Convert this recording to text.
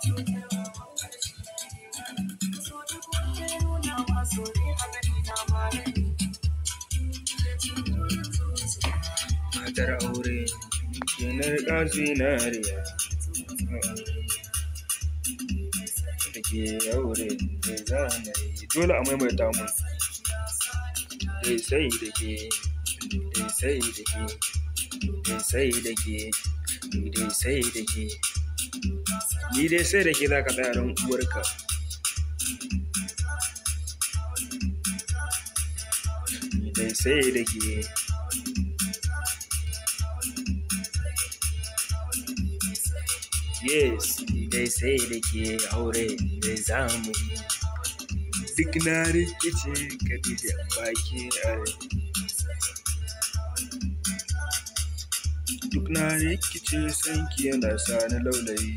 matar aure ke narka zinariya da ke aure da yi dole a maimaita mu da sai da ke da sai da ke da sai da ke da sai da ke ni dai sai da ke za ka tsaya don uwarka ni dai sai da ke yes ni dai sai da ke aure ni dai zamu duk na rikice ka da baki a duk na rikice sanki yana sa na laulayi